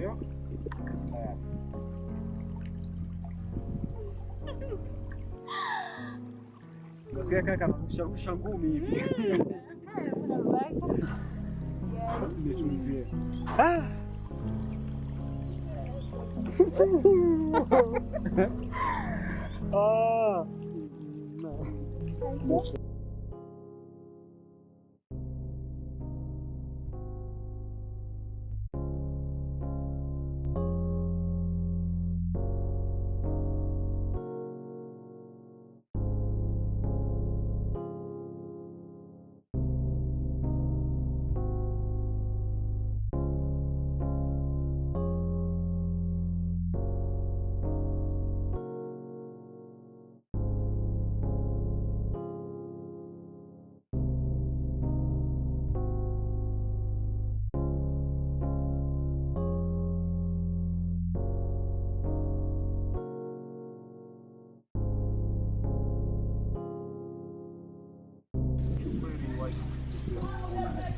viu? É. Você é cancar no Xangu Mimi. Ia te dizer. Ah! ah! Não.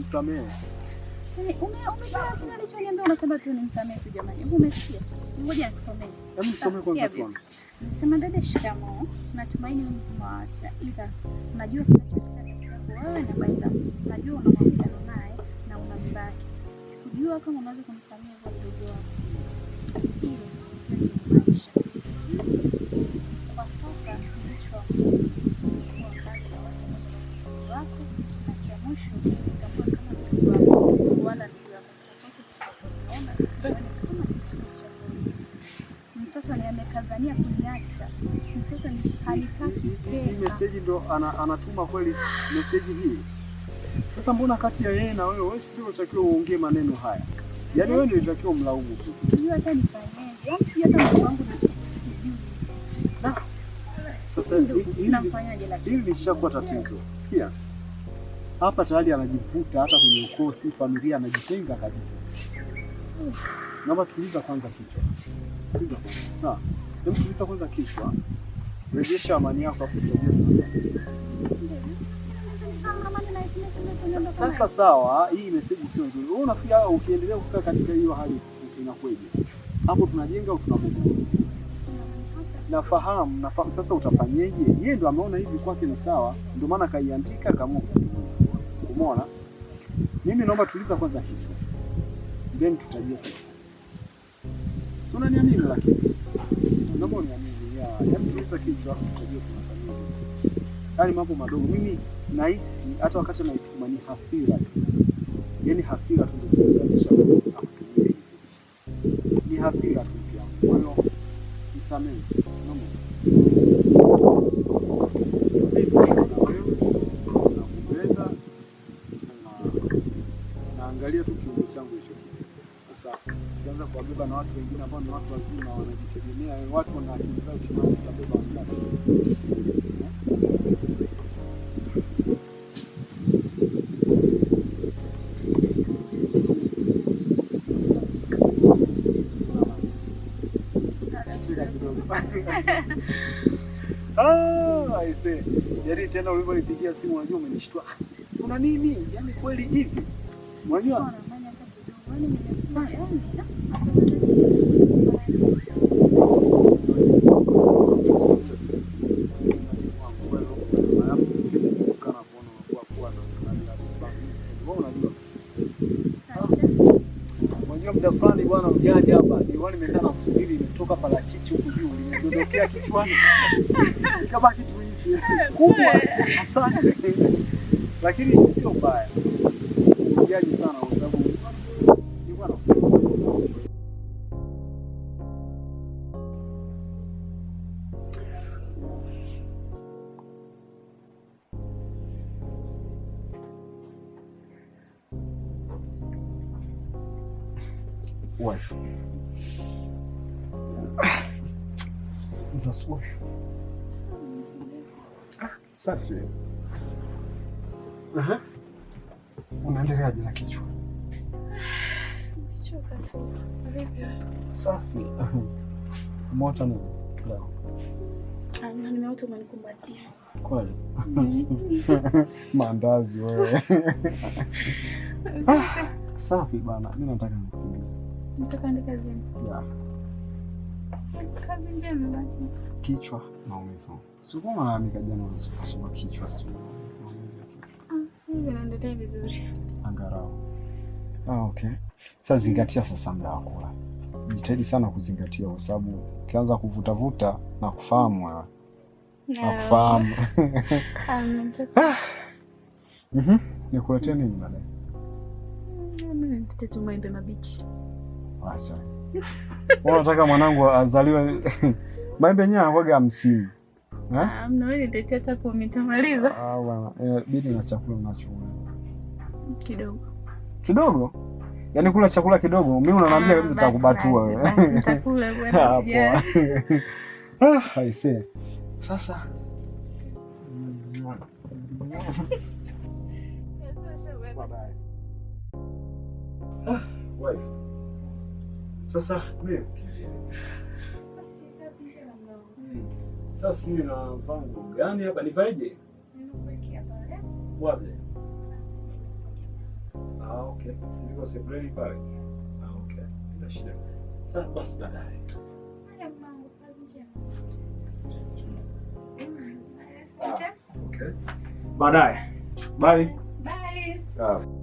Msamehe. Yaani, unasema tu nimsamehe tu jamani. Umesikia? Ngoja nikusomee. Hebu nisomee kwanza tu. Sema dada, shikamoo. Natumaini umemwacha. Ila najua wewe na Baila. Najua una mahusiano naye na una mbaki. Sikujua kama unaweza kumsamehe kwa mdogo wako. ana, anatuma kweli meseji hii. Sasa mbona kati ya yeye na wewe, wewe sio unatakiwa uongee maneno haya? Yaani wewe ndio unatakiwa mlaumu tu. Yaani Sasa hili lishakuwa tatizo. Sikia. Hapa tayari anajivuta hata kwenye ukoo, si familia, anajitenga kabisa. Naomba tuliza kwanza kichwa. Tuliza kwanza. Sawa. Hebu tuliza kwanza kichwa rejesha amani yako. Sasa sawa, hii meseji sio nzuri. Wewe unafikia ukiendelea kukaa katika hiyo hali inakuja hapo, tunajenga au tunabomoa? Nafahamu, nafahamu. Sasa utafanyeje? Yeye ndo ameona hivi kwake ni sawa, ndio maana kaiandika kama umeona. Mimi naomba tuliza kwanza kichwa, then tutajua. Si unaniamini? Lakini naomba uniamini yakiuliza kitu chako unajua kuna familia. Yaani mambo madogo. Mimi nahisi hata wakati naituma ni hasira tu. Yaani hasira tu ndio zinasababisha Ni hasira tu pia. Kwa hiyo msamehe. Naangalia tu kiungo changu hicho. Sasa ukianza kuwabeba na watu wengine ambao ni watu wazima wanajitegemea na akili zao timamu zinabeba wangapi? Ah, yaani tena ulivyonipigia simu, unajua umenishtua. Kuna nini? Yaani kweli hivi mwenyewe wewe unajua unajua muda fulani bwana, ujaji hapa nilikuwa nimekaa na kusubiri, nimetoka parachichi huku juu nimedondokea kichwani kama kitu hivi kubwa. Asante, lakini sio mbaya, sikujaji sana kwa sababu Zasua. Ah, safi. Aha. Unaendeleaje na kichwa? Nimechoka tu. Vipi? Safi. Leo. Ah, nimeota umenikumbatia. Kweli? Mm-hmm. wewe. Ah, safi bana. Mimi nataka Nataka kazini. Yeah. Kazi njema basi. Kichwa maumivu. Sukuma kichwa si. Sasa ah, naendelea vizuri. Angalau. Ah, okay. Sasa zingatia sasa muda wa kula. Jitahidi sana kuzingatia kwa sababu ukianza kuvutavuta na kufahamu wewe. Na kufahamu. Ah, ah. Mhm. Nikuletea nini baadaye? Mimi Ah, unataka mwanangu azaliwe maembe nyaa kwaga msimu bidi na chakula nacho kidogo kidogo, yaani kula chakula kidogo. Mimi unaniambia kabisa nitakubatua wewe. see. sasa ah, sasa mimi sasa na mpango gani hapa, nifanyeje? Wapi? Ah, Ziko sebreni pale. Ah, Bila shida. Sasa basi baadaye. Baadaye. Bye. Bye. Ah.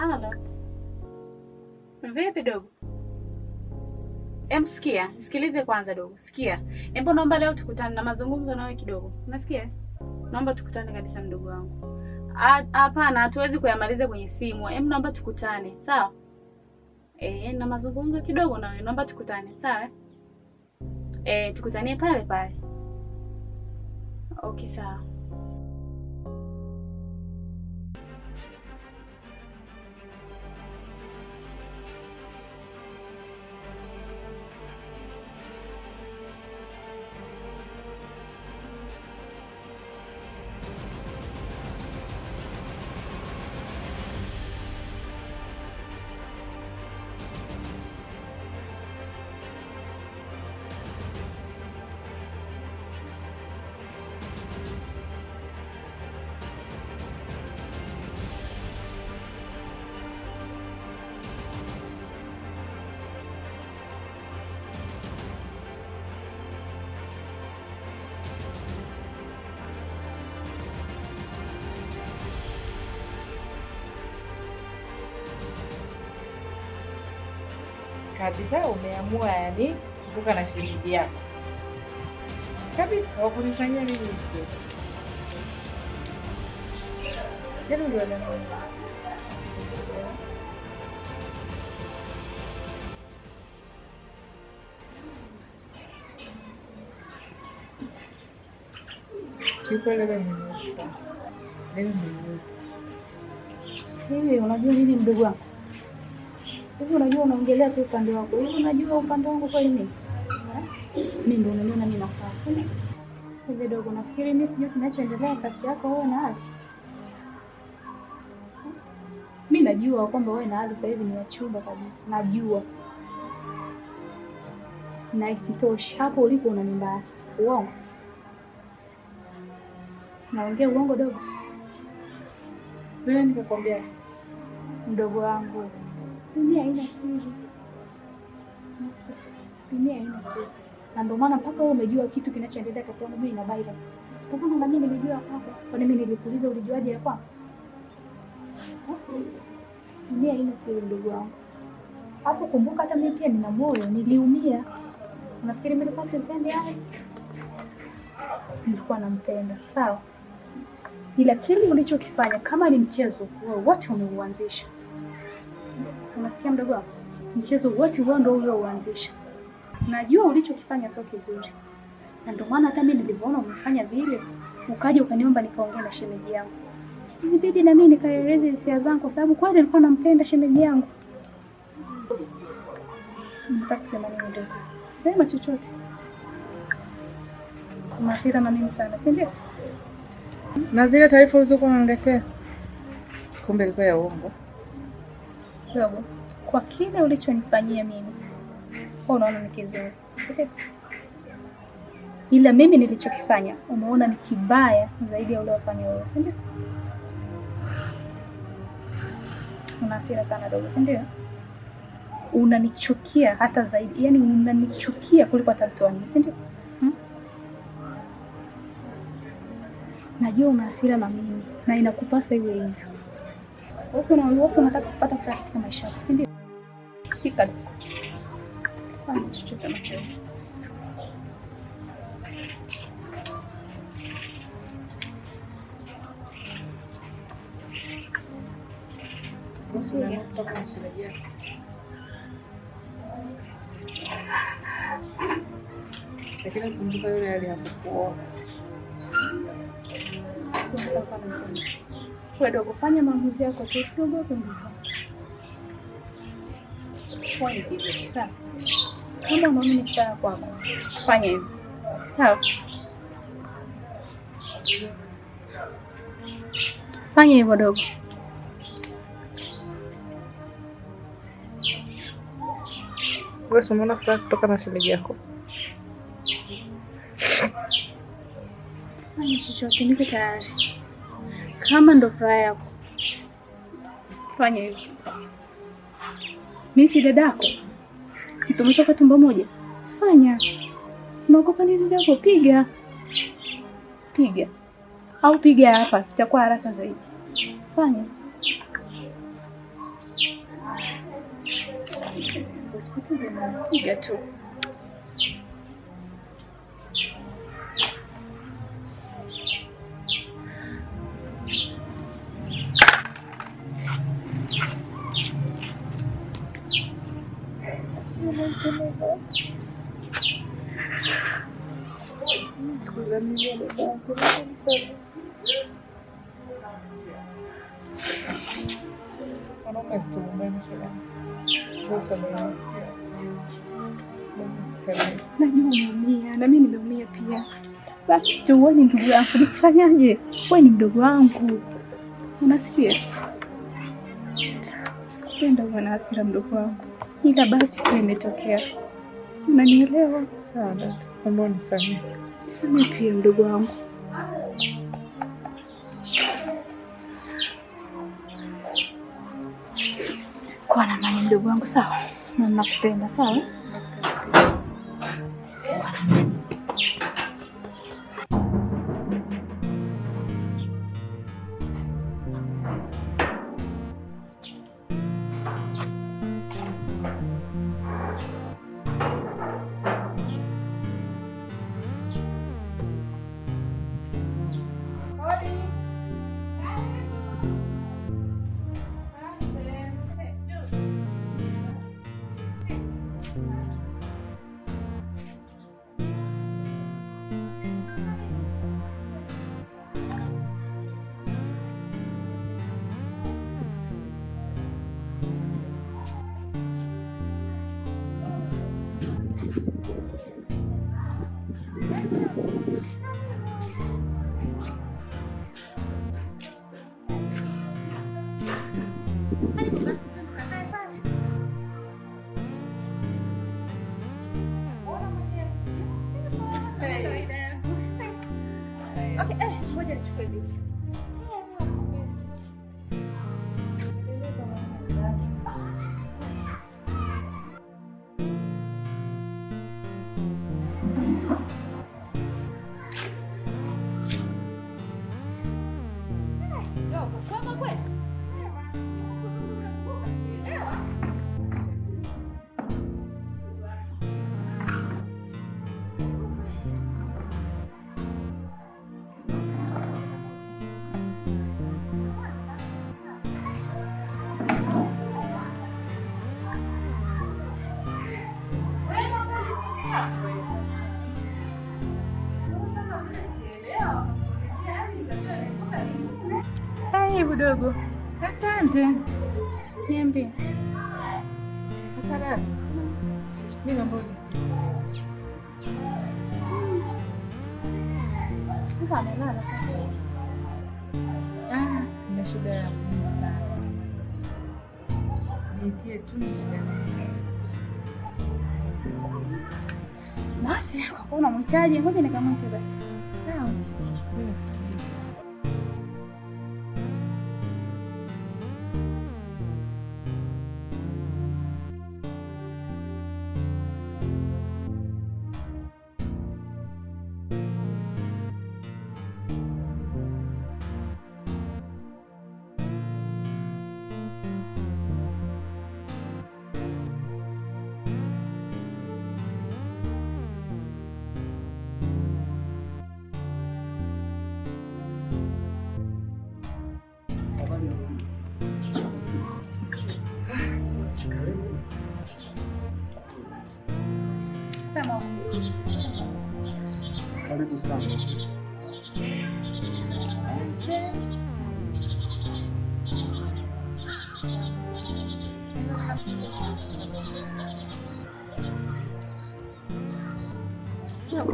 Halo, vipi dogo? Emsikia, nisikilize kwanza dogo, sikia. Embo, naomba leo tukutane na mazungumzo nawe kidogo, unasikia? Naomba tukutane kabisa, mdogo wangu. Hapana, hatuwezi kuyamaliza kwenye simu. Em, naomba tukutane, sawa? E, na mazungumzo kidogo nawe, naomba tukutane, sawa? E, tukutanie pale pale. Okay, sawa. kabisa umeamua yani kutoka na shilingi yako kabisa, wakunifanyia mimi Mnunuzi, unajua nini mdogo wangu hivi unajua, unaongelea tu upande wako hivi, unajua upande wangu kweli mimi mimi ndio unaniona mimi nafasi hivi dogo. Nafikiri mimi sijui kinachoendelea kati yako wewe na Ali. Mimi najua kwamba wewe na Ali sasa hivi ni wachumba kabisa, najua na isitoshi hapo ulipo una nyumba yake. Uongo? Naongea uongo dogo? Wewe nikakwambia mdogo wangu dunia haina siri, dunia haina siri, na ndio maana mpaka wewe umejua kitu kinachoendelea kati yangu mimi na Kwa mimi Kwa nini nilikuuliza ulijuaje ya Dunia haina siri ndugu wangu. Hapo kumbuka hata mimi pia nina moyo, niliumia. Unafikiri mimi nilikuwa yeye? Nilikuwa nampenda, sawa? Ila kile ulichokifanya kama ni mchezo, wote umeuanzisha. Unasikia mdogo wangu, mchezo wote huo ndio ule uanzisha. Najua ulichokifanya sio kizuri, na ndio maana hata mimi nilivyoona umefanya vile, ukaja ukaniomba nikaongea na shemeji yangu, inibidi na mimi nikaeleze hisia zangu, kwa sababu kweli nilikuwa nampenda shemeji yangu. Nataka kusema nini ndogo? Sema chochote. Masira na mimi sana, si ndio? Na zile taarifa ulizokuwa unaniletea kumbe ilikuwa ya uongo dogo kwa kile ulichonifanyia mimi. Unaona ni kizuri, ila mimi nilichokifanya umeona ni kibaya zaidi ya uliofanya wewe, si ndio? Una hasira sana dogo, si ndio? Unanichukia hata zaidi, yaani unanichukia kuliko hata mtu wangu, si ndio? Hmm? Najua una hasira na mimi na inakupasa iwe hivyo. Wewe unataka kupata furaha katika maisha yako, si ndio? kuhusika kufanya chochote anachoweza. Lakini kumbuka yule aliyakukuoa kwenda kufanya maamuzi yako tu, usiogope kuwa ni kirefu. Sawa, kama unaamini kutaka kwako, fanya hivyo. Sawa, fanya hivyo dogo. Wewe umeona furaha kutoka na shemeji yako? Fanya chochote, niko tayari. Kama ndo furaha yako, fanya hivyo. Mimi si dadako? Si tumetoka tumbo moja? Fanya. naogopa nini dadako? Piga. Piga. Au piga hapa, itakuwa haraka zaidi. Fanya. Usipoteze muda, piga tu. Najua umeumia na mimi nimeumia pia. Basi tu wewe ni ndugu yangu, nikufanyaje? Wewe ni mdogo wangu, unasikia? Sikupenda uwe na hasira, mdogo wangu ila basi tu imetokea. Unanielewa sana, naomba nisamehe. Same pia mdogo wangu. Kwa namani mdogo wangu, sawa, na nakupenda, sawa mdogo. Asante. Niambi. Asante. Mimi naomba amelala sasa. Ah, Nitie tu shida basi, kwa kuwa unamhitaji, ngoja nikamwite basi. insandır. Sence? Ya,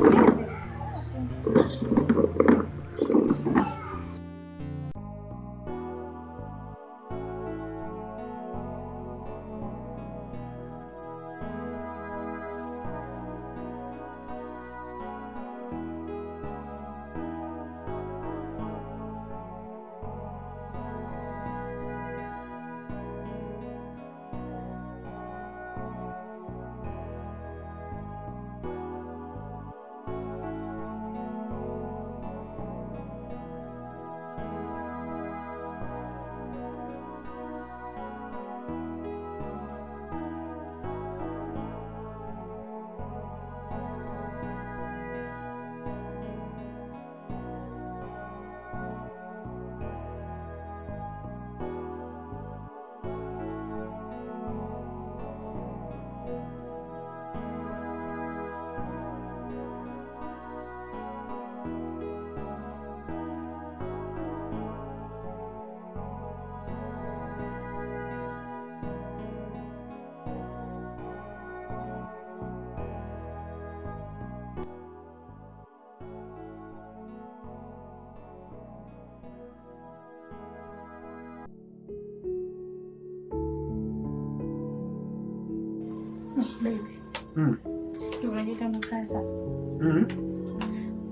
baby. Hmm.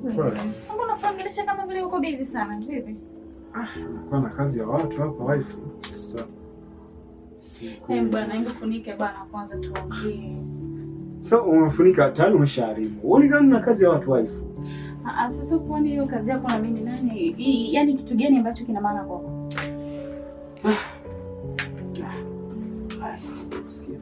Hmm. kama vile uko busy sana baby? Ah, na kazi ya watu hapa wife. Sasa. Eh, bwana, hebu bwana kwanza tuongee. So umefunika tayari umeshaharibu. Wewe kama na kazi ya watu wife. Ah, ah, sasa kwani hiyo kazi yako na mimi nani? Hii yani kitu gani ambacho kina maana kwako? Ah. Ah, sasa sikia.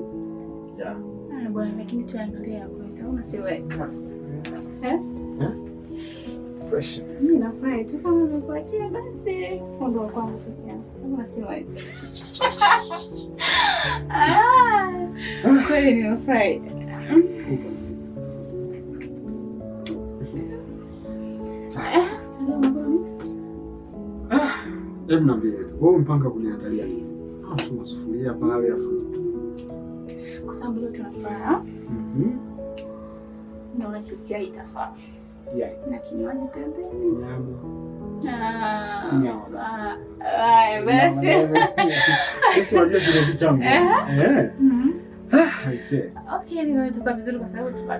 moja bwana, lakini tuangalie ya kwetu, una si hmm. eh? Hmm? mimi nafurahi tu kama nikuachia basi, ondoa kwangu peke yako, una ah, kweli nimefurahi ah, Hebu niambie, wewe mpanga kuniandalia nini? Ah, tuma sufuria pale afu kwa sababu leo tunafuraha mm-hmm. naona chipsi yai itafaa na kinywaji pembeni. Ah, ah, haya vizuri kwa sababu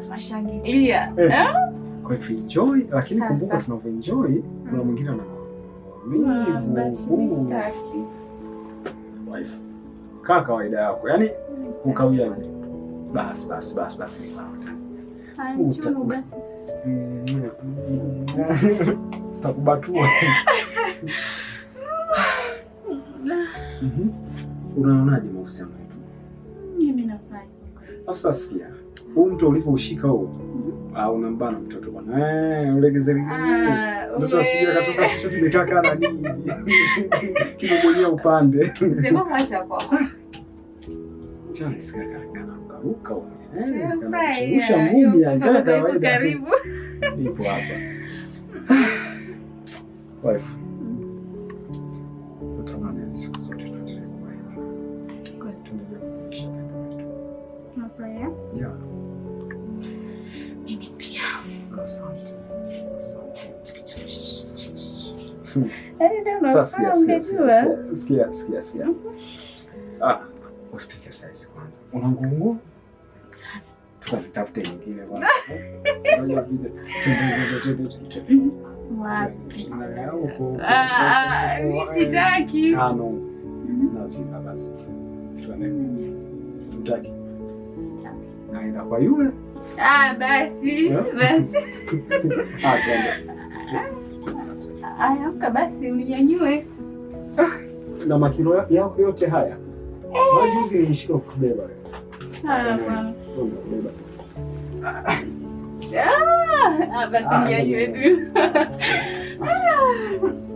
tunashangilia eh. Eh? kwa tuenjoy, lakini kumbuka tunavyoenjoy kuna mwingine ana maumivu ah, kaa kawaida yako, yaani ukawia yule. Yaani. Basi basi basi basi, takubatua. Mhm. Unaonaje mahusiano yetu? Mimi nafurahi. Sasa sikia, huu mtu ulivyoushika huu au nambana mtoto bwana, eh, ulegeze legeze ah, mtoto asije katoka kichwa kimekaa kana nini kimegonyea upande. Sema maisha kwako chani sika kana kuruka usha mumi ya kawaida karibu ipo hapa wife, utamani siku zote Sikia, saizi kwanza, una nguvu nguvu tukazitafute nyingine naenda kwa yule basi, basi yetu. amka basi uninyanyue. Na makilo yako yote haya eh. majuzi nilishindwa kubeba. Ah, ah, basi ah, ninyanyue tu.